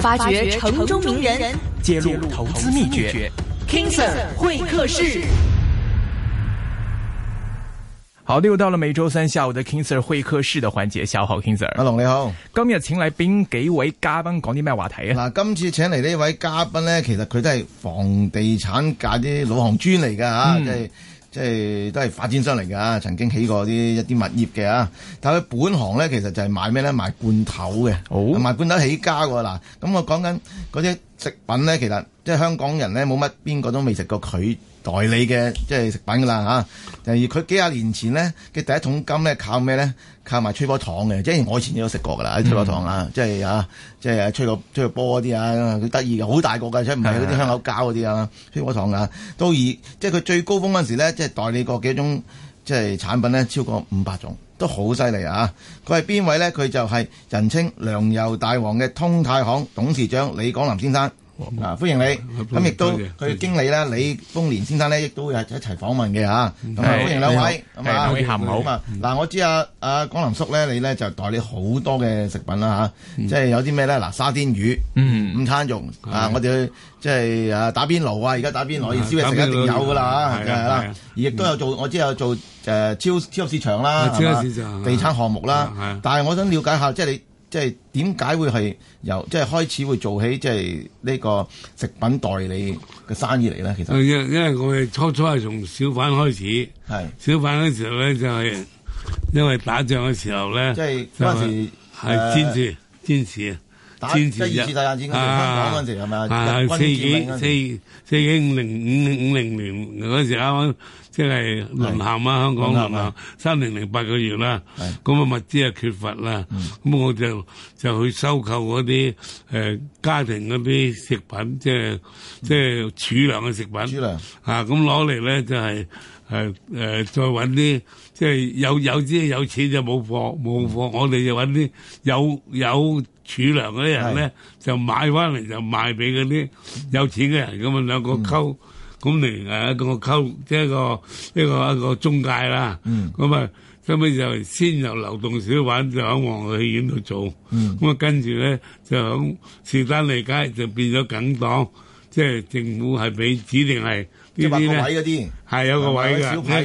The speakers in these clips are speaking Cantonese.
發掘城中名人，揭露投資秘訣。秘 King Sir 會客室，好，又到了每周三下午的 King Sir 會客室的環節，下午好，King Sir。阿龍，你好，今日請來邊幾位嘉賓講啲咩話題啊？嗱，今次請嚟呢位嘉賓呢，其實佢都係房地產界啲老行專嚟噶吓，即係、嗯。即係都係發展商嚟㗎，曾經起過啲一啲物業嘅啊。但佢本行咧，其實就係賣咩咧？賣罐頭嘅，同埋、Oh. 罐頭起家喎嗱。咁我講緊嗰啲食品咧，其實即係香港人咧，冇乜邊個都未食過佢。代理嘅即係食品噶啦嚇，而佢幾廿年前呢，嘅第一桶金呢，靠咩呢？靠埋吹波糖嘅，即係我以前都有食過噶啦，嗯、吹波糖啊，即係啊，即吹個吹個波啲啊，佢得意嘅，好大個㗎，所以唔係嗰啲香口膠嗰啲啊，是的 吹波糖啊，都以即係佢最高峰嗰陣時，即係代理過幾種即係產品呢，超過五百種，都好犀利啊！佢係邊位呢？佢就係人稱糧油大王嘅通泰行董事長李廣林先生。啊！歡迎你，咁亦都佢經理咧，李豐年先生呢，亦都會係一齊訪問嘅嚇。咁啊，歡迎兩位，啊，可以行好。嗱，我知啊，啊，廣林叔呢，你呢就代理好多嘅食品啦嚇，即係有啲咩咧？嗱，沙甸魚、午餐肉啊，我哋去即係啊打邊爐啊，而家打邊爐要燒嘢食一定有噶啦嚇，係啦。亦都有做，我知有做誒超超級市場啦，地產項目啦。但係我想了解下，即係你。即係點解會係由即係開始會做起即係呢個食品代理嘅生意嚟咧？其實係因，因為我哋初初係從小販開始，係嘅小販嗰時候咧就係、是、因為打仗嘅時候咧，即係嗰陣係堅持堅持。第二次世界戰嗰陣時係咪啊？四幾四四幾五零五五零年嗰時啱啱，即係淪陷啊，香港淪陷三年零八個月啦。咁嘅物資啊缺乏啦，咁我就就去收購嗰啲誒家庭嗰啲食品，即係即係儲糧嘅食品。啊！咁攞嚟咧就係誒誒，再揾啲即係有有啲有錢就冇貨冇貨，我哋就揾啲有有。儲糧嗰啲人咧，就買翻嚟就賣俾嗰啲有錢嘅人，咁啊兩個溝，咁嚟啊一個溝，即係一個一個一個中介啦。咁啊，收尾就先由流動小販就喺皇后戲院度做，咁啊跟住咧就響士丹利街就變咗梗檔，即係政府係俾指定係呢啲咧，係有個位嘅，小販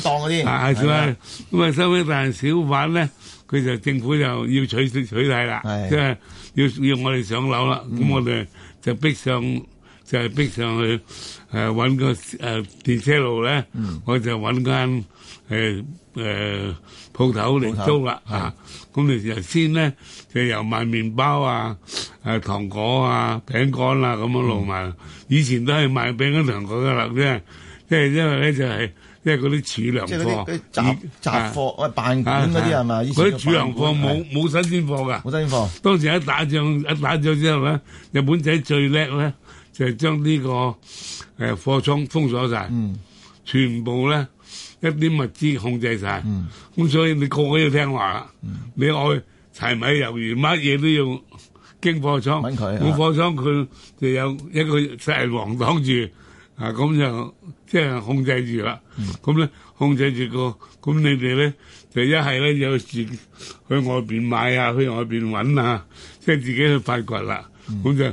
檔嗰啲，咁啊收尾但係小販咧。佢就政府就要取取締啦，是的 即係要要我哋上樓啦，咁、嗯、我哋就逼上就係、是、逼上去，誒、呃、揾個誒、呃、電車路咧，嗯、我就揾間誒誒鋪頭嚟租啦嚇。咁你又先咧，就由賣麵包啊、誒、啊、糖果啊、餅乾啦、啊、咁樣路埋。嗯、以前都係賣餅乾、糖果噶啦啫，即係因為咧就係、是。即係嗰啲儲糧，即係嗰啲嗰啲雜雜貨，喂，辦館嗰啲係咪？嗰啲儲糧貨冇冇新鮮貨㗎？冇新鮮貨。當時一打仗一打仗之後咧，日本仔最叻咧，就係將呢個誒貨倉封鎖曬，全部咧一啲物資控制曬，咁所以你個個要聽話啦。你愛柴米油鹽乜嘢都要經貨倉揾佢，冇貨倉佢就有一個鐵閘王擋住，啊咁就。即係控制住啦，咁咧、嗯、控制住個，咁你哋咧就一係咧有時去外邊買啊，去外邊揾啊，即係自己去發掘啦。咁、嗯、就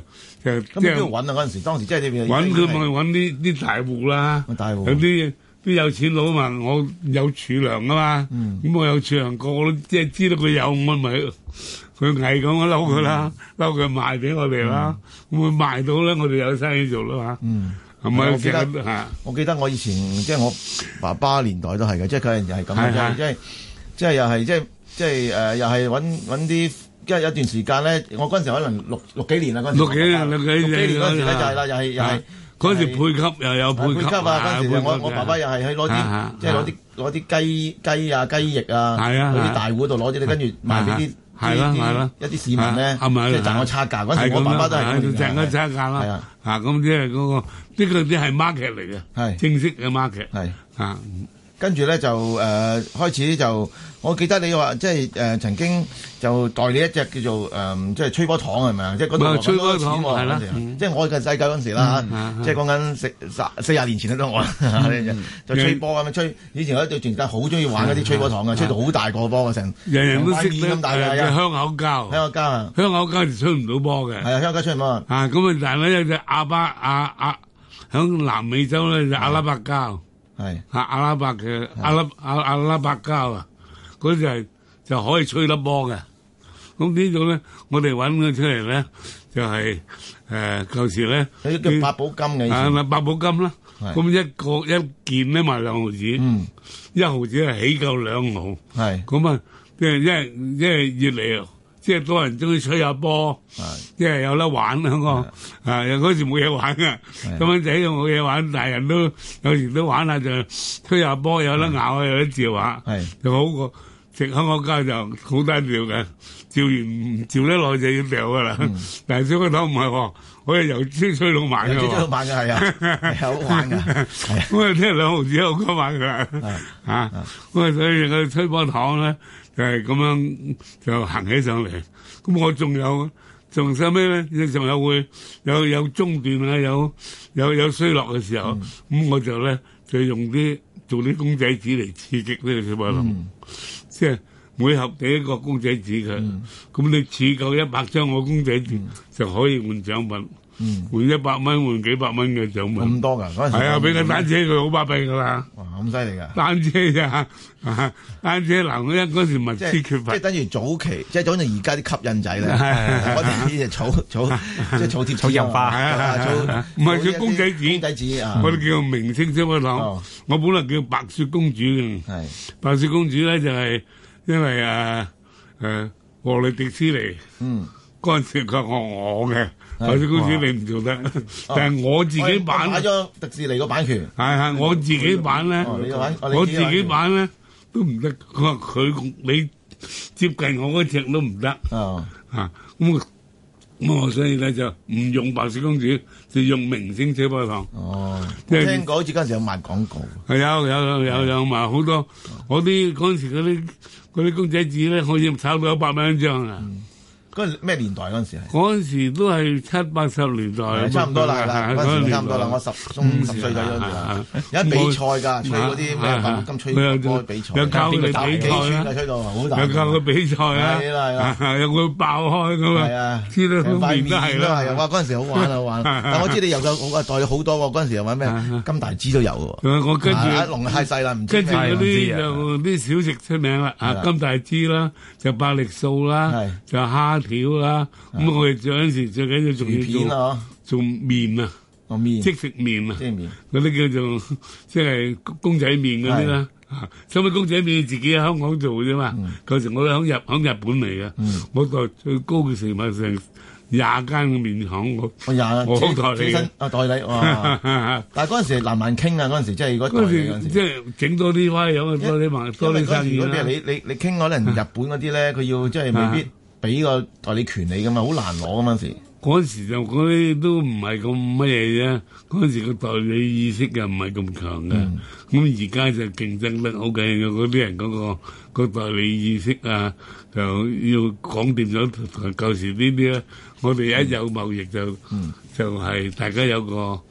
就即係揾啊嗰陣時，當時即係點樣揾佢咪揾啲啲大戶啦、啊，大戶啊、有啲啲有錢佬嘛，我有儲糧啊嘛，咁、嗯嗯、我有儲糧，個,個即係知道佢有，咁咪佢偽咁，我撈佢啦，撈佢、嗯、賣俾我哋啦，嗯、會會賣到咧，我哋有生意做啦嘛、啊。嗯唔係，我記得，我記得我以前即係我爸爸年代都係嘅，即係佢人又係咁，即係即係又係即係即係誒，又係搵啲，即係有段時間咧，我嗰陣時可能六六幾年啦，嗰陣時六幾六幾年嗰陣時咧就係啦，又係又係嗰陣時配給又有配給啊！嗰陣時我我爸爸又係去攞啲，即係攞啲攞啲雞雞啊雞翼啊，去啲大戶度攞啲，跟住賣俾啲。係啦，係啦，一啲市民咧，係咪賺我爸爸差價嗰時，我媽媽都係賺個差價啦。啊，吓咁即係嗰個呢個啲係 market 嚟嘅，係正式嘅 market。係吓。跟住咧就誒、呃、開始就。我記得你話即係誒曾經就代理一隻叫做誒即係吹波糖係咪啊？即係嗰度吹波糖，係啦。即係我嘅世界嗰陣時啦，即係講緊四四十年前啦，我就吹波咁樣吹。以前我對全家好鍾意玩嗰啲吹波糖啊，吹到好大個波啊，成人人都識咁大嘅香口膠。香口膠啊！香口膠係吹唔到波嘅。係啊，香口膠吹唔到啊！咁啊，但係咧有隻阿巴，阿阿響南美洲咧就阿拉伯膠係嚇阿拉伯嘅阿阿阿拉伯膠啊！嗰就係就可以吹粒波嘅，咁呢種咧，我哋揾佢出嚟咧，就係誒舊時咧，佢叫八寶金嘅，啊嗱八寶金啦，咁一個一件咧賣兩毫子，一毫子係起夠兩毫，咁啊，即係即係即係越嚟即係多人中意吹下波，即係有得玩咯，啊嗰時冇嘢玩嘅，咁樣仔又冇嘢玩，大人都有時都玩下就吹下波，有得咬啊，有得嚼下，就好過。直喺我家就好單調嘅，照完照得耐就要掉噶啦。嗯、但小波糖唔係喎，可以由吹吹到晚嘅，吹係啊，好玩嘅。我係聽兩毫紙一個波糖啊，我係所以個吹波糖咧就係、係、咁樣就行起上嚟。咁我仲有仲有咩咧？仲有會有有中斷啊，有有有衰落嘅時候，咁、嗯、我就咧就用啲做啲公仔紙嚟刺激呢個小波糖。嗯即係每盒第一個公仔紙嘅，咁、嗯、你儲夠一百張我公仔紙、嗯、就可以換獎品。換一百蚊換幾百蚊嘅獎品咁多噶？係啊，俾架單車佢好巴閉噶啦，咁犀利噶單車啫，單車流嗰陣嗰時物資缺乏，即係等於早期，即係等於而家啲吸引仔啦，我哋啲就草草，即係草貼草印化，唔係叫公仔紙，我哋叫明星消防糖，我本嚟叫白雪公主嘅，白雪公主咧就係因為啊，誒，我哋迪斯尼。嗰陣時佢學我嘅白雪公主，你唔做得，但係我自己版買咗迪士尼個版權，係係我自己版咧，我自己版咧都唔得。佢話佢你接近我嗰隻都唔得啊嚇。咁我所以咧就唔用白雪公主，就用明星車陂糖。哦，聽講而家時有賣廣告，係有有有有有賣好多。我啲嗰陣時嗰啲公仔紙咧可以炒到一百蚊一張啊！嗰陣咩年代嗰陣時？嗰陣時都係七八十年代，差唔多啦啦，嗰陣時差唔多啦。我十中十歲左右啦，有比賽㗎，吹嗰啲咩白金吹，開比賽，有靠佢比賽啊，有靠佢比賽啊，有佢爆開咁啊，係啊，咁咪而家係啦。又話嗰陣時好玩啊，好玩。但係我知你又夠好啊，袋咗好多喎。嗰陣時又買咩金大枝都有喎。我跟住龍太細啦，唔知啊。跟住嗰啲就啲小食出名啦，啊金大枝啦，就百力滋啦，就蝦條啦，咁我哋做嗰時最緊要仲要做麵啊，即食麵啊，嗰啲叫做即係公仔麵嗰啲啦。嚇，收尾公仔麵自己喺香港做啫嘛。舊時我響日響日本嚟嘅，我代最高嘅時候成廿間麵行我。我廿，我代理嘅。啊，代理哇！但係嗰陣時難萬傾啊，嗰陣時真係如果代嗰陣時，即係整多啲威樣，多啲萬，多啲生意啦。如果譬如你你你傾嗰啲人日本嗰啲咧，佢要即係未必。俾依個代理權利㗎嘛，好難攞啊！嗰時嗰時就嗰啲都唔係咁乜嘢啫，嗰時個代理意識又唔係咁強嘅。咁而家就競爭得好緊要，嗰啲人嗰、嗰個、嗰個代理意識啊，就要講掂咗舊時呢啲啦。我哋一有貿易就、嗯嗯、就係大家有個。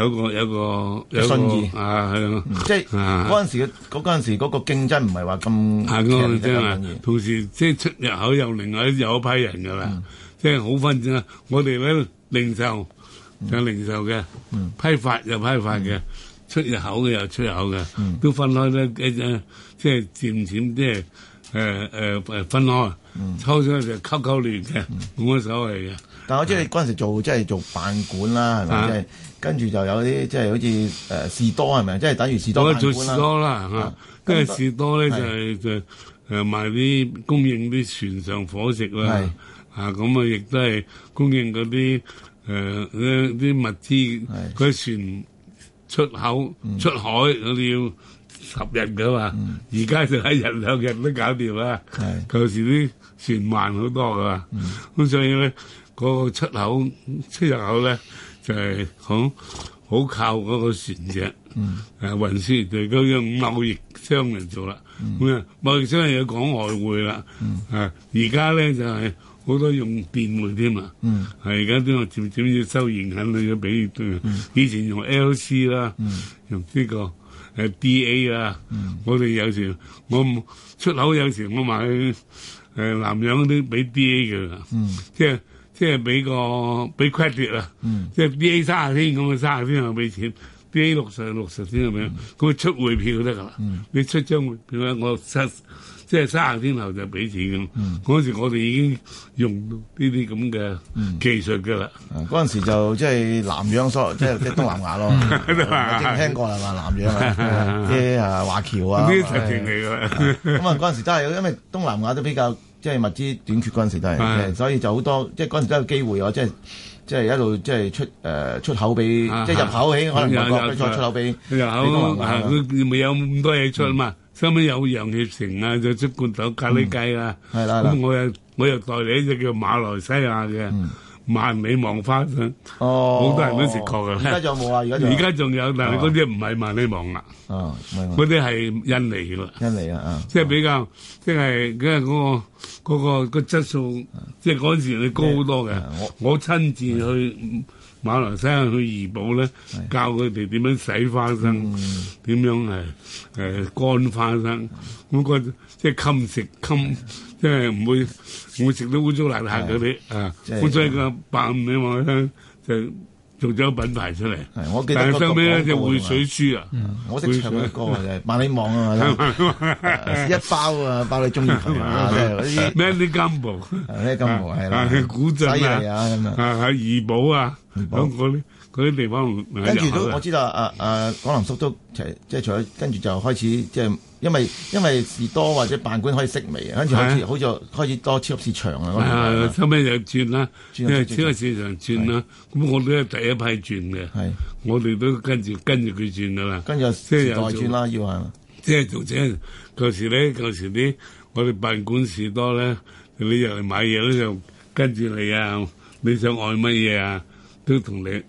有個有個新意，啊，係即係嗰陣時嘅嗰，嗰陣時嗰個競爭唔係話咁，同時即係出入口又另外有一批人嘅啦，即係好分散。我哋咧零售有零售嘅，批發有批發嘅，出入口嘅有出入口嘅，都分開咧，即係漸漸即係誒誒誒分開。抽初就溝溝亂嘅，冇乜所謂嘅。但係我知你嗰陣時做即係做辦館啦，係咪？即係跟住就有啲即係好似誒士多係咪？即係等於士多做士多啦。即係士多咧就係就誒賣啲供應啲船上伙食啦。啊咁啊，亦都係供應嗰啲誒啲啲物資。啲船出口出海，我哋要十日㗎嘛。而家就一日兩日都搞掂啦。舊時啲船慢好多㗎嘛。咁所以咧。嗰個出口出入口咧，就係好好靠嗰個船隻，嗯啊、運輸，就咁樣貿易商人做啦。咁啊，貿易商人要講外匯啦，啊，而家咧就係、是、好多用電匯添、嗯、啊，而家都要漸，漸收行要收現金，你要俾以前用 L C 啦，嗯、用呢個誒 D A 啊，我哋有時我出口有時我買、呃、南洋啲俾 D A 嘅，嗯、即即係俾個俾 credit 啦，即係 B A 三十天咁嘅三十天就俾錢，B A 六十六十天咁樣，咁佢出匯票得噶啦。你出張匯票咧，我七即係三十天後就俾錢咁。嗰陣、嗯、時我哋已經用呢啲咁嘅技術噶啦。嗰陣、嗯啊、時就即係、就是、南洋所，即係即係東南亞咯。聽過係嘛？南洋啲啊華僑啊，咁 啊嗰陣時真係因為東南亞都比較。即係物資短缺嗰陣時都係，的的所以就好多，即係嗰陣都有機會我即係即係一路即係、就是，出誒、呃、出口俾，是的即係入口起，的可能外國比出口俾，的入口佢冇有咁多嘢出嘛？收尾、嗯、有洋血成楊協成啊，就出罐頭咖喱雞啊。係啦、嗯，咁我又我又代理一隻叫馬來西亞嘅、啊。嗯萬里望花生，好多人都食過嘅。而家仲有而家仲有，但係嗰啲唔係萬里望啦，嗰啲係印尼㗎。印尼啊，即係比較，即係嗰個嗰個個質素，即係嗰陣時你高好多嘅。我親自去馬來西亞去怡保咧，教佢哋點樣洗花生，點樣係誒乾花生。我即係襟食襟，即係唔會唔會食到污糟邋遢嗰啲啊！污糟一個百五嘅萬里網就做咗品牌出嚟。但係收尾咧只會水珠啊！我識唱嘅歌啊，萬里網啊嘛，一包啊包你中意。咩啲金毛？咩金毛？係啦，古鎮啊，係二寶啊，啊，啲嗰啲地方。跟住都我知道啊啊！廣林叔都即係即係除咗跟住就開始即係。因為因為士多或者辦館可以式微，跟住開始、啊、好似開始多超級市場、那個、啊！後尾又轉啦，轉因為超級市場轉啦，咁、啊嗯、我都係第一批轉嘅。我哋都跟住跟住佢轉噶啦，跟住時代轉啦，要係。即係做啫，舊時咧，舊時啲我哋辦館士多咧，你又嚟買嘢咧就跟住你啊，你想愛乜嘢、嗯、啊，都同你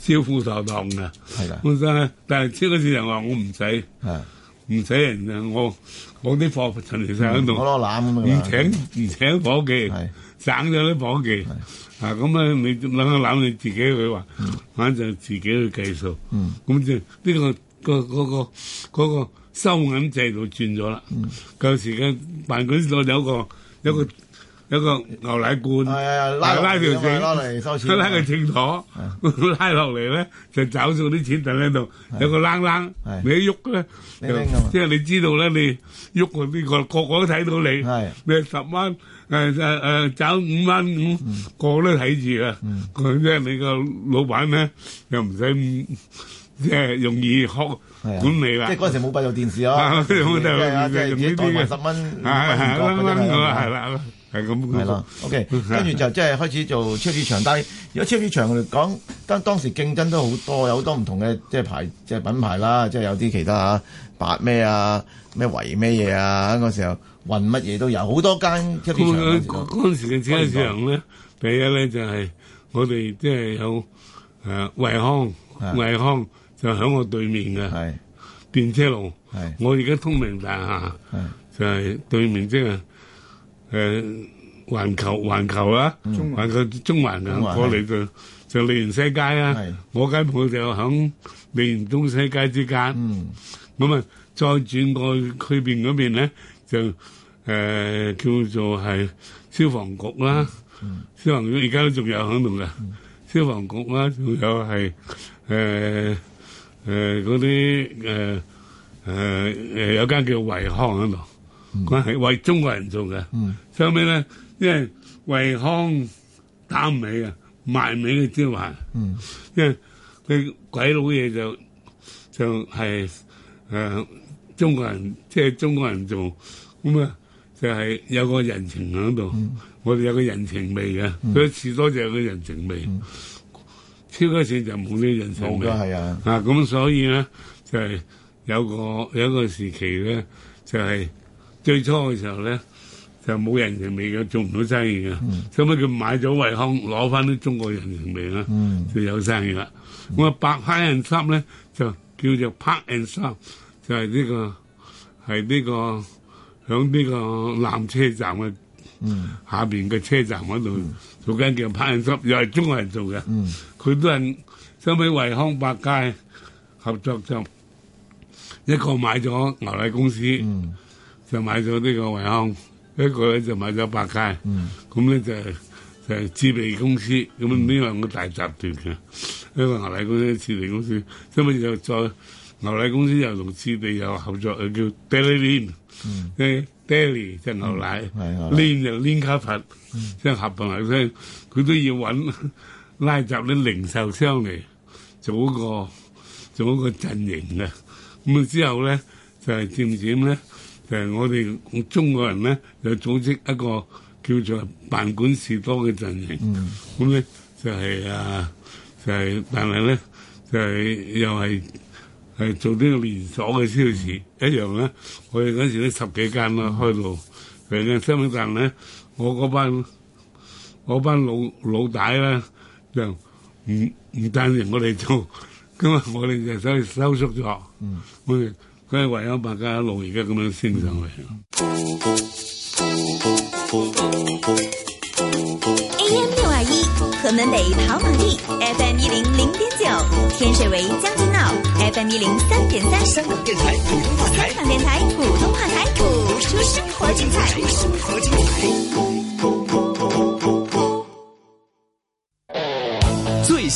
招呼妥當㗎。啦，本身咧，但係超級市場話我唔使。唔使人啊！我啲貨陳其曬喺度，唔請唔請夥計，省咗啲夥計啊！咁你攬一攬你自己去還，嗯、反正自己去計數。咁、嗯、就呢、這個嗰個嗰個嗰個收銀制度轉咗啦。舊、嗯、時嘅辦公室有個，有一個牛奶罐，係啊，拉拉條繩，拉個秤砣，拉落嚟咧就找數啲錢喺度。有個啷啷，你一喐咧，即係你知道咧，你喐邊個個個個都睇到你。你十蚊，誒誒誒，找五蚊，五個都睇住啊。咁即係你個老闆咧又唔使即係容易學管理啦。即係嗰時冇閉路電視啊，即係代賣十蚊，蚊蚊咁啊，係啦。係咁，係咯，嗯，OK。跟住就即係開始做超市場，但係如果超市場嚟講，當當時競爭都好多，有好多唔同嘅即係牌即係品牌啦，即係有啲其他啊，白咩啊，咩維咩嘢啊，嗰時候運乜嘢都有，好多間超市場。嗰陣時嘅超市場咧，可可第一咧就係我哋即係有誒惠康，惠康就喺我對面嘅、電車路。我而家通明大廈就係對面即係。誒環球環球啦，環球中環啊，嗯、中環啊過嚟嘅就利源西街啦。啊、的我街鋪就喺利源東西街之間。咁啊、嗯，再轉過去邊嗰邊咧，就誒、呃、叫做係消防局啦、啊。嗯嗯、消防局而家都仲有喺度嘅。嗯、消防局啦、啊，仲有係誒誒嗰啲誒誒誒有間叫維康喺度。佢係、嗯、為中國人做嘅，最後尾咧，因為惠康打唔起啊，賣唔起嘅招牌，嗯、因為佢鬼佬嘢，就就係、是、誒、呃、中國人，即、就、係、是、中國人做，咁啊就係有個人情喺度，嗯、我哋有個人情味嘅。佢遲、嗯、多就有個人情味，嗯、超多錢就冇呢個人情味。係啊。啊，咁所以咧就係、是、有個有一個時期咧就係、是。最初嘅時候咧，就冇人情味嘅，做唔到生意嘅。收尾、嗯，佢買咗惠康，攞翻啲中國人情味啦，嗯、就有生意啦。咁啊 Park and Shop 咧，就叫做 Park and Shop，就係呢、呢個係呢、呢個響呢、呢個纜車站嘅、嗯、下邊嘅車站嗰度、嗯、做緊叫 Park and Shop，又係中國人做嘅。佢、嗯、都係收尾惠康百佳合作商，一個買咗牛奶公司。嗯就買咗呢個惠康，一個咧就買咗百佳，咁咧、嗯、就是、就置、是、地公司，咁呢兩個大集團嘅、嗯、一個牛奶公司、置地公司，咁咪就再牛奶公司又同置地又合作，叫 Dairy Lane，即係、嗯、Dairy 即係牛奶、嗯、牛奶，Lane 就 Lane Crawford 即係合併埋聲，佢都要揾拉雜啲零售商嚟做一個做一個陣營嘅。咁之後咧就係、是、漸漸咧。誒，就是我哋中國人咧，就組織一個叫做辦館士多嘅陣營。咁咧、嗯、就係、是、啊，就係、是，但係咧就係、是、又係係做呢個連鎖嘅超市一樣啦。我哋嗰時咧十幾間啦，嗯、開到嚟嘅商品站咧，我嗰班我班老老大咧就唔唔、嗯、單止我哋做，咁 啊我哋就所以收縮咗。嗯。嗯。佢係唯有白家路，而家咁樣升上去。AM 六二一河門北跑馬地 FM 一零零點九，9, 天水圍將軍澳 FM 一零三點三，香港電台廣東話台，香港電台廣東話台，出生活精彩。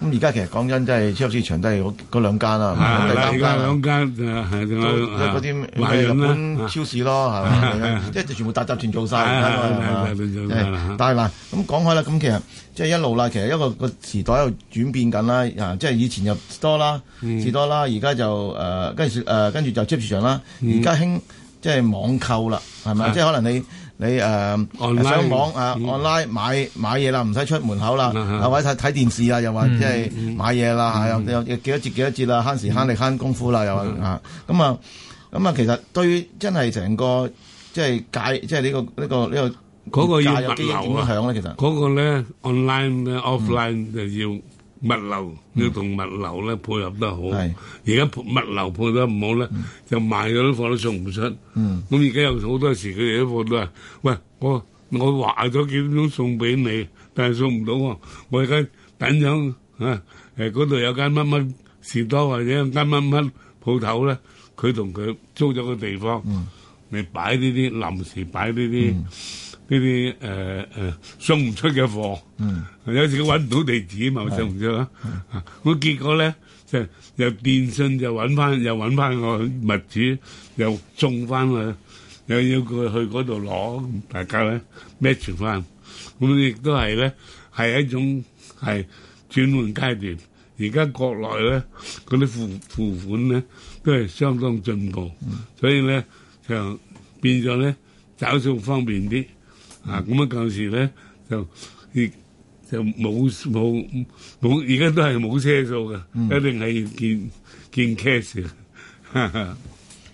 咁而家其實講真，真係超級市場都係嗰嗰兩間啦，唔係第三間兩間誒係嗰啲咁日本超市咯，係即係全部大集團做晒，係但係嗱，咁講開啦，咁其實即係一路啦，其實一個個時代喺度轉變緊啦。即係以前就士多啦，士多啦，而家就誒跟住誒跟住就超市場啦。而家興即係網購啦，係咪？即係可能你。你誒上網誒 online 買買嘢啦，唔使出門口啦。啊，或者睇睇電視啊，又或者係買嘢啦，又又幾多折幾多折啦，慳時慳力慳功夫啦，又啊咁啊咁啊，其實對於真係成個即係解即係呢個呢個呢個嗰個要物流影響咧，其實嗰個咧 online offline 就要。物流要同物流咧、嗯、配合得好，而家是物流配合得唔好咧，嗯、就賣咗啲貨都送唔出。咁而家有好多時佢哋啲貨都話，喂，我我話咗幾點鐘送俾你，但係送唔到喎。我而家等咗，嚇、啊，嗰、呃、度有間乜乜士多或者間乜乜鋪頭咧，佢同佢租咗個地方，嗯、你擺呢啲臨時擺呢啲。嗯呢啲、呃呃、送唔出嘅貨，嗯、有時揾唔到地址嘛，是送唔出啦。咁、嗯啊、結果咧，就係又電信就揾翻，又揾翻個物主，又送翻去，又要佢去嗰度攞，大家咧、嗯、match 翻。咁、嗯、亦都係咧，係一種係轉換階段。而家國內咧嗰啲付付款咧都係相當進步，嗯、所以咧就變咗咧找數方便啲。啊咁，啊舊時咧就就冇冇冇而家都係冇車數嘅，嗯、一定係要見見 case 哈哈，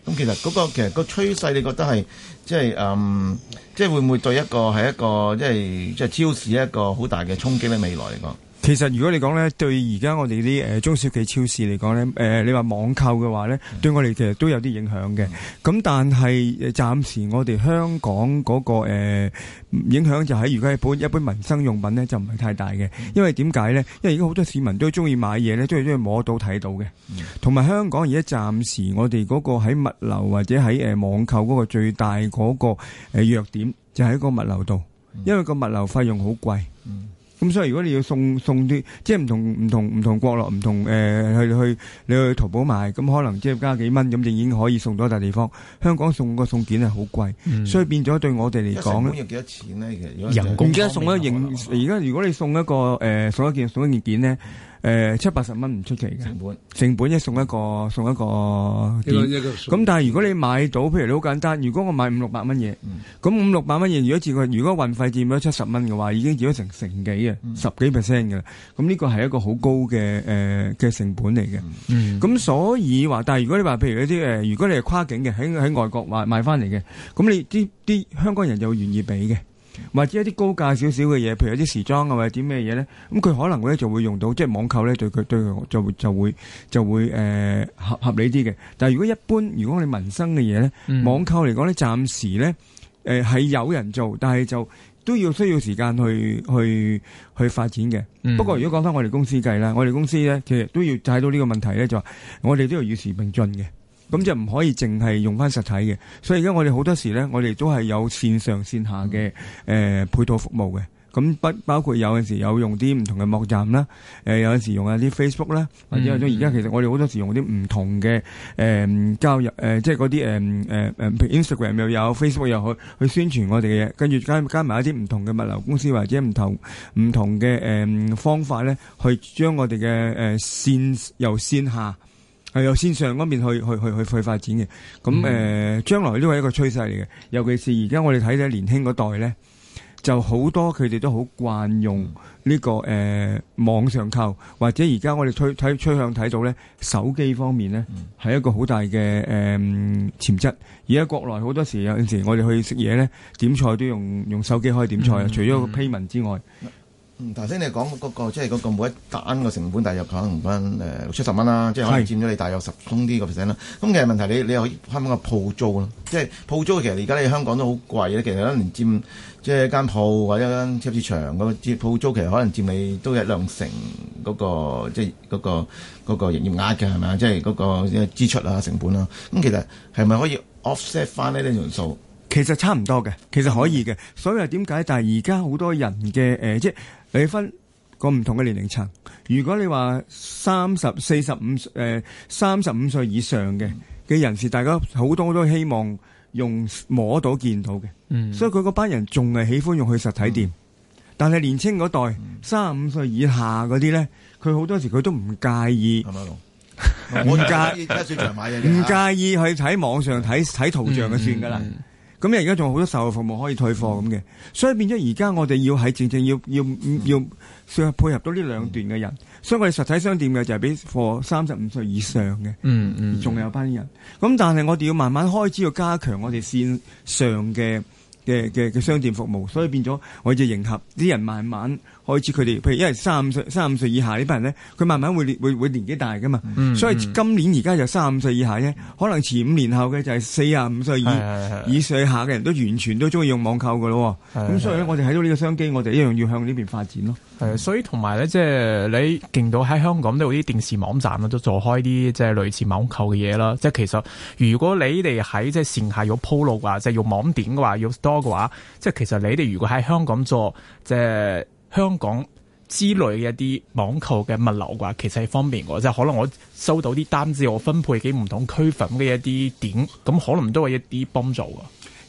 咁、嗯、其實，嗰個其實個趨勢你覺得係即係誒、嗯、即係會唔會對一個係一個即係即係超市一個好大嘅衝擊咧未來嚟講？其實如果你講咧，對而家我哋啲誒中小企超市嚟講咧，誒、呃、你話網購嘅話咧，對我哋其實都有啲影響嘅。咁但係暫時我哋香港嗰個誒、呃、影響就喺而家一般一般民生用品咧就唔係太大嘅。因為點解咧？因為而家好多市民都中意買嘢咧，都係中意摸到睇到嘅。同埋香港而家暫時我哋嗰個喺物流或者喺誒網購嗰個最大嗰個誒弱點就喺個物流度，因為個物流費用好貴。咁、嗯、所以如果你要送送啲，即係唔同唔同唔同國內，唔同誒、呃、去去你去淘寶買，咁可能即係加幾蚊，咁已經可以送到一笪地方。香港送個送件係好貴，嗯、所以變咗對我哋嚟講呢，人工要幾多錢咧？其實而家送一個而而家如果你送一個、呃、送一件送一件件，送一件件呢。誒、呃、七八十蚊唔出奇嘅成本，成本一送一個送一個，咁但係如果你買到，譬如你好簡單，如果我買五六百蚊嘢，咁、嗯、五六百蚊嘢如果自如果運費佔咗七十蚊嘅話，已經佔咗成成幾啊，嗯、十幾 percent 嘅啦，咁呢個係一個好高嘅誒嘅成本嚟嘅。咁、嗯、所以話，但係如果你話譬如一啲如果你係跨境嘅，喺喺外國買買翻嚟嘅，咁你啲啲香港人就會願意俾嘅。或者一啲高價少少嘅嘢，譬如有啲時裝啊，或者啲咩嘢咧，咁佢可能咧就會用到，即係網購咧對佢對佢就就會就會誒合、呃、合理啲嘅。但係如果一般，如果你民生嘅嘢咧，嗯、網購嚟講咧，暫時咧誒係有人做，但係就都要需要時間去去去發展嘅。嗯、不過如果講翻我哋公司計啦，我哋公司咧其實都要睇到呢個問題咧，就話、我哋都要與時並進嘅。咁就唔可以淨係用翻實體嘅，所以而家我哋好多時咧，我哋都係有線上線下嘅誒、呃、配套服務嘅。咁不包括有陣時候有用啲唔同嘅網站啦，誒、呃、有陣時候用下啲 Facebook 啦，嗯、或者有種而家其實我哋好多時用啲唔同嘅誒、呃、交友，誒、呃，即、就、係、是、嗰啲誒誒、呃、誒、呃、Instagram 又有 Facebook 又去去宣傳我哋嘅嘢，跟住加加埋一啲唔同嘅物流公司或者唔同唔同嘅誒、呃、方法咧，去將我哋嘅誒線由線下。係由線上嗰邊去去去去去發展嘅，咁誒、嗯呃、將來都係一個趨勢嚟嘅。尤其是而家我哋睇睇年輕嗰代咧，就好多佢哋都好慣用呢、這個誒、呃、網上購，或者而家我哋趨睇趨向睇到咧，手機方面咧係一個好大嘅誒、呃、潛質。而家國內好多時候有陣時，我哋去食嘢咧點菜都用用手機可以點菜啊。嗯、除咗 payment 之外。嗯嗯嗯，頭先你講嗰、那個即係嗰個每一單個成本，大約可能均誒六七十蚊啦，即、就、係、是、可能佔咗你大約十公啲個 percent 啦。咁是其實問題你你可以開翻個鋪租咯，即係鋪租其實而家你香港都好貴咧，其實一年佔即係間鋪或者間超市場、那個鋪租，其實可能佔你都一兩成嗰、那個即係嗰個嗰、那個營業額嘅係咪啊？即係嗰個支出啊成本啦、啊。咁其實係咪可以 offset 翻呢啲人數？其實差唔多嘅，其實可以嘅。所以係點解？但係而家好多人嘅誒、呃、即係。你分個唔同嘅年齡層，如果你話三十四十五誒三十五歲以上嘅嘅人士，嗯、大家好多都希望用摸到見到嘅，嗯、所以佢嗰班人仲係喜歡用去實體店。嗯、但係年青嗰代三十五歲以下嗰啲咧，佢好多時佢都唔介意，唔嗎 介意嘢，唔 介意去睇網上睇睇圖像就算噶啦。嗯嗯嗯咁而家仲好多售後服務可以退貨咁嘅，所以變咗而家我哋要喺正正要要要配合到呢兩段嘅人，所以我哋實體商店嘅就係俾貨三十五歲以上嘅，嗯嗯，仲有班人，咁但係我哋要慢慢開始要加強我哋線上嘅嘅嘅嘅商店服務，所以變咗我哋就迎合啲人慢慢。開始佢哋，譬如因為三十、三十五歲以下呢班人咧，佢慢慢會、會、會年紀大嘅嘛。嗯、所以今年而家就三十五歲以下啫，可能前五年後嘅就係四十五歲以以上嘅人都完全都鍾意用網購嘅咯。咁所以咧，我哋睇到呢個商機，我哋一樣要向呢邊發展咯、嗯。係，所以同埋咧，即係你見到喺香港都有啲電視網站啦，都做開啲即係類似網購嘅嘢啦。即係其實如果你哋喺即係線下有鋪路嘅，就係用網點嘅話，要 store 嘅話，即係其實你哋如果喺香港做即係。香港之類嘅一啲網購嘅物流話，其實係方便嘅，就是、可能我收到啲單之後我分配幾唔同區份嘅一啲點，咁可能都係一啲幫助啊，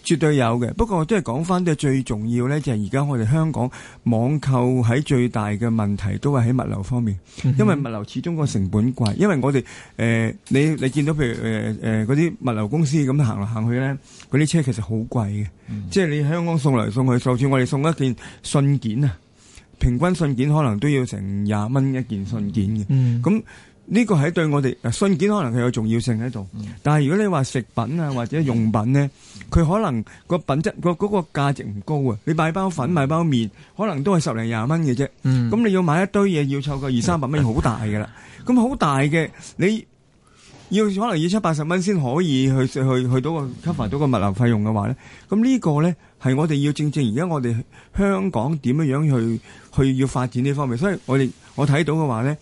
絕對有嘅。不過都係講翻，都最重要咧，就係而家我哋香港網購喺最大嘅問題都係喺物流方面，因為物流始終個成本貴。因為我哋誒、呃、你你見到譬如誒誒嗰啲物流公司咁行嚟行去咧，嗰啲車其實好貴嘅，嗯、即係你喺香港送嚟送去，就算我哋送一件信件啊。平均信件可能都要成廿蚊一件信件嘅，咁呢、嗯、個係對我哋信件可能係有重要性喺度。嗯、但係如果你話食品啊或者用品呢，佢、嗯、可能個品質、個嗰、個價值唔高啊。你買包粉、嗯、買包麵，可能都係十零廿蚊嘅啫。咁、嗯、你要買一堆嘢，要湊夠二三百蚊，好、嗯、大噶啦。咁好 大嘅，你要可能要七八十蚊先可以去去去到個 cover 到個物流費用嘅話呢。咁呢個呢。係我哋要正正而家我哋香港點樣去去要發展呢方面，所以我哋我睇到嘅話咧，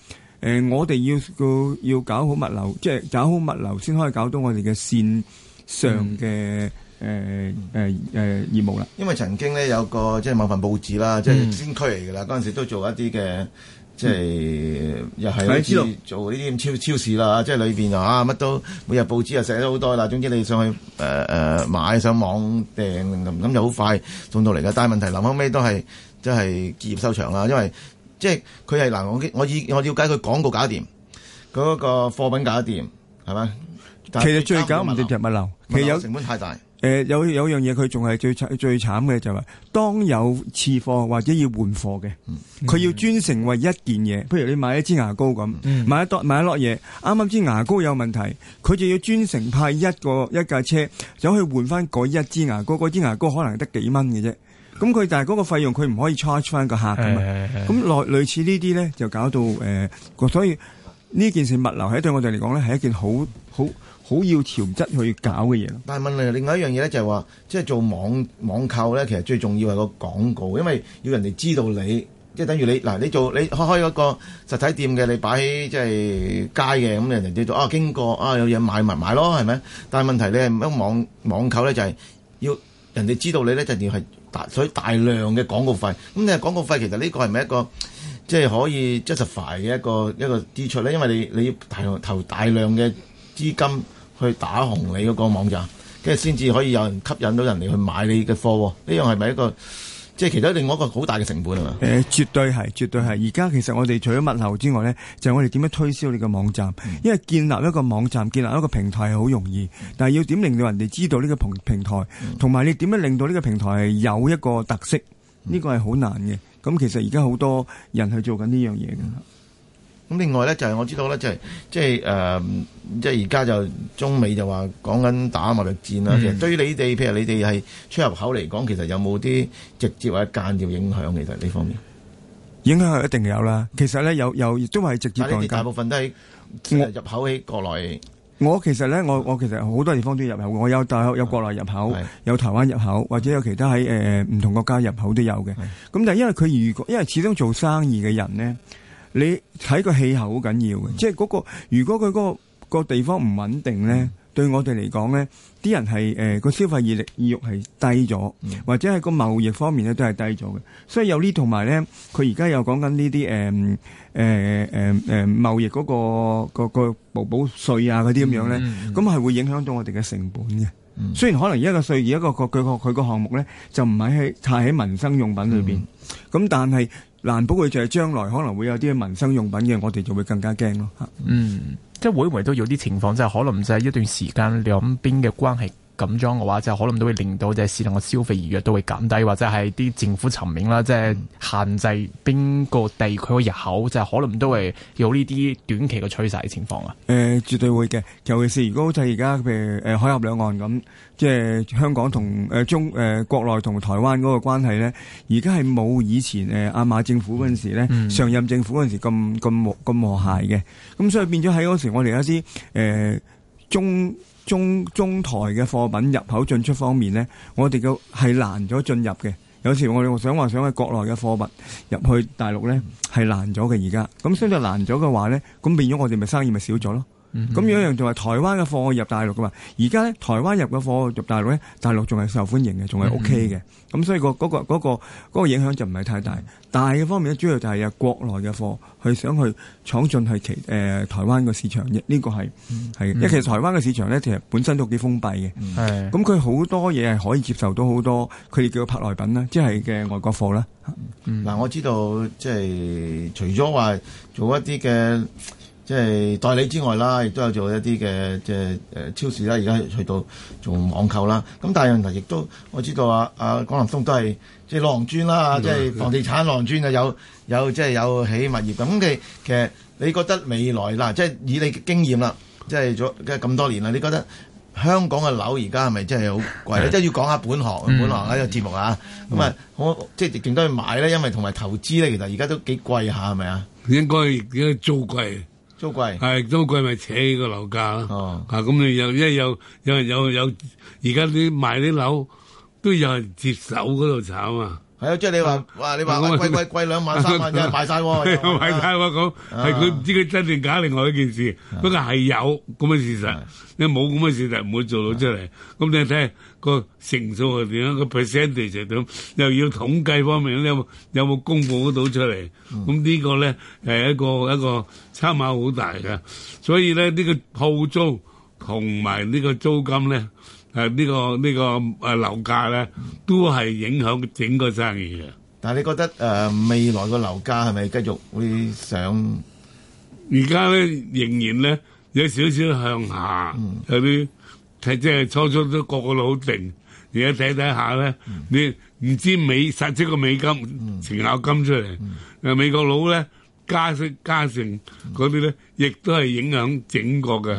我哋、呃、要要搞好物流，即係搞好物流先可以搞到我哋嘅線上嘅誒誒誒業務啦。因為曾經咧有個即係某份報紙啦，即係先驅嚟㗎啦，嗰陣、嗯、時都做一啲嘅。即係、嗯、又係好似做呢啲咁超道超市啦，即係裏邊啊乜都每日報紙又寫咗好多啦。總之你上去誒誒、呃、買上網訂咁就好快送到嚟㗎。但係問題臨後尾都係即係結業收場啦，因為即係佢係嗱，我以我要我要計佢廣告搞掂嗰個貨品搞掂係嘛？其實最搞唔掂，物流，其有成本太大。誒、呃、有有樣嘢佢仲係最慘最慘嘅就係、是、當有次貨或者要換貨嘅，佢要專程為一件嘢，譬如你買一支牙膏咁、嗯，買一買一落嘢，啱啱支牙膏有問題，佢就要專程派一個一架車，走去換翻嗰一支牙膏，嗰支牙膏可能得幾蚊嘅啫，咁佢但係嗰個費用佢唔可以 charge 翻個客㗎嘛，咁類似呢啲咧就搞到誒、呃，所以呢件事物流係對我哋嚟講咧係一件好好。好要調質去搞嘅嘢咯。但係問題另外一樣嘢咧，就係話即係做網網購咧，其實最重要係個廣告，因為要人哋知道你即係等於你嗱，你做你開開個個實體店嘅，你擺喺即係街嘅咁，人哋知道啊經過啊有嘢買咪買咯，係咪？但係問題你係乜網網購咧，就係要人哋知道你呢，就係要係大所以大量嘅廣告費。咁你廣告費其實呢個係咪一個即係可以 justify 嘅一個一個支出咧？因為你你要大量投大量嘅。資金去打紅你嗰個網站，跟住先至可以有人吸引到人嚟去買你嘅貨。呢樣係咪一個即係其他另外一個好大嘅成本啊？誒、嗯嗯，絕對係，絕對係。而家其實我哋除咗物流之外呢，就係、我哋點樣推銷你個網站？嗯、因為建立一個網站、建立一個平台係好容易，嗯、但係要點令到人哋知道呢個平平台，同埋、嗯、你點樣令到呢個平台有一個特色？呢、嗯、個係好難嘅。咁其實而家好多人去做緊呢樣嘢嘅。咁另外咧，就係、是、我知道咧，就係即係誒，即係而家就中美就話講緊打貿易戰啦。嗯、其實對於你哋，譬如你哋係出入口嚟講，其實有冇啲直接或者間接影響？其實呢方面影響係一定有啦。其實咧，有有亦都係直接。你哋大部分都係入口喺國內，嗯我我。我其實咧，我我其實好多地方都入口。我有大陸有國內入口，嗯、有台灣入口，是或者有其他喺唔、呃、同國家入口都有嘅。咁是但係因為佢如果因為始終做生意嘅人呢。你睇個氣候好緊要嘅，即係嗰個，如果佢嗰個個地方唔穩定咧，對我哋嚟講咧，啲人係誒個消費意力意欲係低咗，或者係個貿易方面咧都係低咗嘅。所以有啲同埋咧，佢而家又講緊呢啲誒誒誒誒貿易嗰個個個補補稅啊嗰啲咁樣咧，咁係會影響到我哋嘅成本嘅。雖然可能而家個稅而家個個佢個佢個項目咧就唔係喺晒喺民生用品裏邊，咁但係。難，不過就係將來可能會有啲民生用品嘅，我哋就會更加驚咯。嗯，即係會唔會都有啲情況，即係可能就係一段時間兩邊嘅關係。緊張嘅話，就可能都會令到就係市場嘅消費意慾都會減低，或者係啲政府層面啦，即係限制邊個地區嘅入口，就可能都係有呢啲短期嘅趨勢嘅情況啊。誒、呃，絕對會嘅。尤其是如果好似而家，譬如誒、呃、海峽兩岸咁，即係香港同誒、呃、中誒、呃、國內同台灣嗰個關係咧，而家係冇以前誒阿、呃、馬政府嗰陣時咧，嗯、上任政府嗰陣時咁咁冇咁和諧嘅。咁、嗯、所以變咗喺嗰時候我，我哋有啲誒中。中中台嘅貨品入口進出方面呢，我哋嘅係難咗進入嘅。有時我哋想話想喺國內嘅貨物入去大陸呢，係難咗嘅。而家咁相對難咗嘅話呢，咁變咗我哋咪生意咪少咗咯。咁樣樣就係台灣嘅貨入大陸㗎嘛，而家咧台灣入嘅貨入大陸咧，大陸仲係受歡迎嘅，仲係 OK 嘅。咁、嗯、哼所以、嗰個嗰、嗰個嗰個嗰個影響就唔係太大。大嘅方面咧，主要就係啊，國內嘅貨去想去闖進去其、呃、台灣嘅市場，呢、呢個係係。嗯、因為其實台灣嘅市場咧，其實本身都幾封閉嘅。咁佢好多嘢係可以接受到好多，佢哋叫做舶來品啦，即係嘅外國貨、嗯嗯、啦。嗱，我知道即係、即係、除咗話做一啲嘅。即係代理之外啦，亦都有做一啲嘅即係超市啦。而家去到做網購啦。咁但係問題亦都我知道啊，阿廣林兄都係即係浪尊啦，即係的房地產浪尊啊，有有即係有起物業。咁嘅其實你覺得未來啦，即係以你嘅經驗啦，即係咗咁多年啦，你覺得香港嘅樓而家係咪真係好貴，即係的要講下本行，嗯、本行呢個節目啊。咁啊、嗯，我即係多去買咧？因為同埋投資咧，其實而家都幾貴下，係咪啊？應該應該租貴。都貴，係都貴咪扯起個樓價咯。啊，咁你又因為有有有有，而家啲賣啲樓都有人接手嗰度炒啊嘛。係啊，即係你話哇，你話貴貴貴兩萬三萬，真係賣曬喎，賣曬喎，講係佢唔知佢真定假，另外一件事。不過係有咁嘅事實，你冇咁嘅事實唔會做到出嚟。咁你睇。個成數係點樣？個 percentage 係點，又要統計方面有冇有冇公布得到出嚟？咁呢個咧係一個一個差碼好大嘅，所以咧呢個鋪租同埋呢個租金咧，誒呢個呢個誒樓價咧，都係影響整個生意嘅。但係你覺得誒未來個樓價係咪繼續會上？而家咧仍然咧有少少向下，有啲。即係初初都個個老定，而家睇睇下咧，嗯、你唔知美殺出個美金、程咬、嗯、金出嚟，嗯、美國佬咧加息、加成嗰啲咧，亦都係影響整個嘅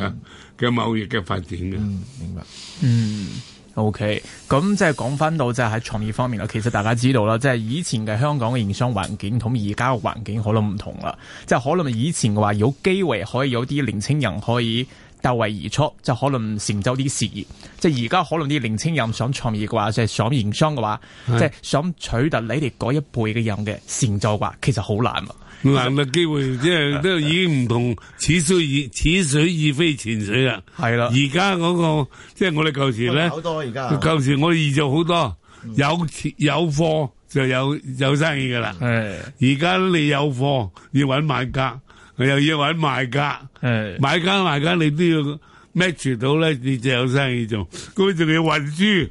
嘅、嗯、貿易嘅發展嘅、嗯。明白。嗯，OK。咁即係講翻到即係喺創業方面啦，其實大家知道啦，即、就、係、是、以前嘅香港嘅營商環境同而家嘅環境可能唔同啦，即、就、係、是、可能以前嘅話有機會可以有啲年輕人可以。就位而出，就可能成就啲事業。即係而家可能啲年青人想創業嘅話，即、就、係、是、想營商嘅話，是即係想取得你哋嗰一輩嘅人嘅成就嘅話，其實好難啊！難嘅機會，即係都已經唔同，似水而似水已非前水啊！係啦的，而家嗰個即係我哋舊時咧，好多而家。舊時我哋易做好多，嗯、有錢有貨就有有生意噶啦。而家的你有貨要揾買家。佢又要搵賣家，誒是，買家賣家你都要 match 到咧，你就有生意做。佢仲要運輸，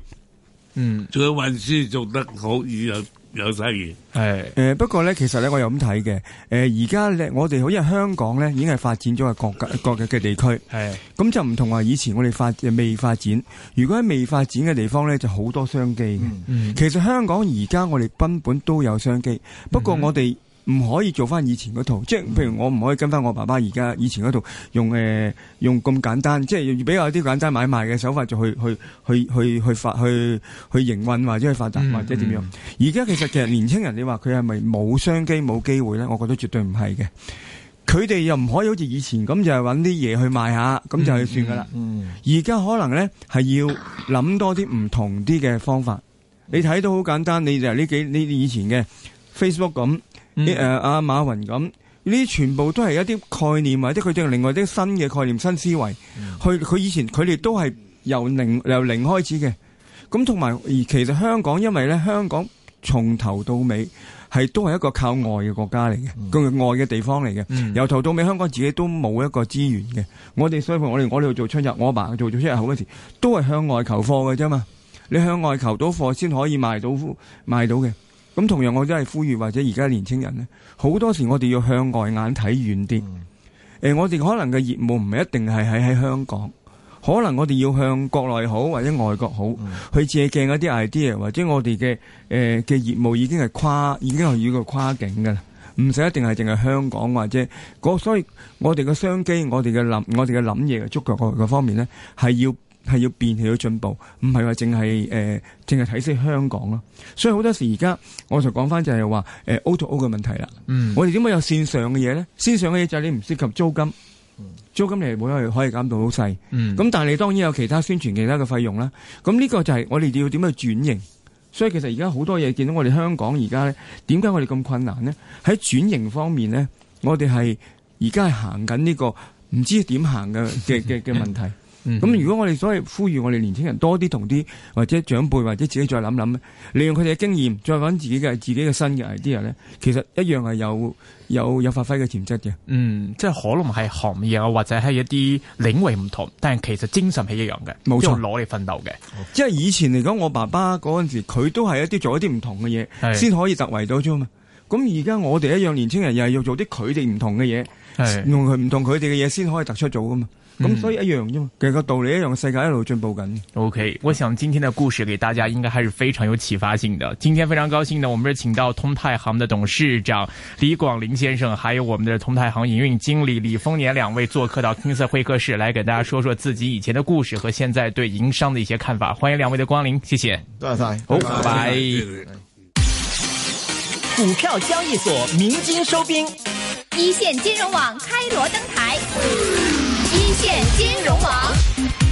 嗯，仲要運輸做得好，又有，有生意。係誒是、呃，不過咧，其實咧，我又咁睇嘅。誒、呃，而家咧，我哋因為香港咧，已經係發展咗嘅國家，各嘅嘅地區係。咁是就唔同話以前我哋發未發展。如果喺未發展嘅地方咧，就好多商機嘅。嗯嗯、其實香港而家我哋根本，本都有商機，嗯、不過我哋。嗯唔可以做翻以前嗰套，即係譬如我唔可以跟翻我爸爸而家以前嗰套用，誒、呃、用咁簡單，即係用比較啲簡單買賣嘅手法，就去去去去去發去去營運或者去發達、嗯、或者點樣。而家其實其實年輕人，你話佢係咪冇商機冇機會咧？我覺得絕對唔係嘅。佢哋又唔可以好似以前咁，就係搵啲嘢去賣下，咁就係算噶啦。而家、嗯嗯、可能咧係要諗多啲唔同啲嘅方法。你睇到好簡單，你就係呢幾呢啲以前嘅 Facebook 咁。誒阿、嗯啊啊、馬雲咁呢啲全部都係一啲概念，或者佢用另外啲新嘅概念、新思維去，佢以前佢哋都係由零由零開始嘅咁同埋而其實香港因為咧香港從頭到尾係都係一個靠外嘅國家嚟嘅，佢、嗯、外嘅地方嚟嘅，由頭到尾香港自己都冇一個資源嘅。我哋、嗯、所以我哋我哋做出入，我阿爸做咗出入好多時都係向外求貨嘅啫嘛。你向外求到貨先可以賣到賣到嘅。咁同樣，我真係呼籲或者而家年青人咧，好多時我哋要向外眼睇遠啲。誒、嗯呃，我哋可能嘅業務唔係一定係喺喺香港，可能我哋要向國內好或者外國好、嗯、去借鏡一啲 idea，或者我哋嘅誒嘅業務已經係跨，已經係與個跨境嘅，唔使一定係淨係香港或者、嗰個、所以，我哋嘅商機，我哋嘅諗，我哋嘅諗嘢，觸覺嗰方面呢係要。係要變，係要進步，唔係話淨係誒，淨係睇識香港咯。所以好多時而家，我就講翻就係話，誒、呃、O to O 嘅問題啦。嗯、我哋點解有線上嘅嘢咧？線上嘅嘢就係你唔涉及租金，租金你係冇可，可以減到好細。咁、嗯、但係你當然有其他宣傳其他嘅費用啦。咁呢個就係我哋要點去轉型。所以其實而家好多嘢見到我哋香港而家咧，點解我哋咁困難呢？喺轉型方面咧，我哋係而家係行緊、這、呢個唔知點行嘅嘅嘅嘅問題。 咁、嗯、如果我哋所以呼籲我哋年青人多啲同啲或者長輩或者自己再諗諗咧，利用佢哋嘅經驗，再揾自己嘅自己嘅新嘅 idea 咧，其實一樣係有有有發揮嘅潛質嘅。嗯，即係可能係行業啊，或者係一啲領域唔同，但係其實精神係一樣嘅。冇錯，攞嚟奮鬥嘅。即係以前嚟講，我爸爸嗰陣時，佢都係一啲做一啲唔同嘅嘢，先是可以突圍到啫嘛。咁而家我哋一樣年青人，又係要做啲佢哋唔同嘅嘢，用佢唔同佢哋嘅嘢先可以突出做噶嘛。咁、嗯、所以一樣啫嘛，其實個道理一樣，世界一路進步緊。OK，我想今天的故事給大家應該還是非常有啟發性的。今天非常高興呢，我們是請到通泰行的董事長李廣林先生，還有我們的通泰行營運經理李豐年兩位做客到 King Sir 會客室，來給大家說說自己以前的故事和現在對營商的一些看法。歡迎兩位的光臨，謝謝。多謝晒，好，謝謝拜拜。股票交易所鳴金收兵，一線金融網開鑼登台。一線金融王。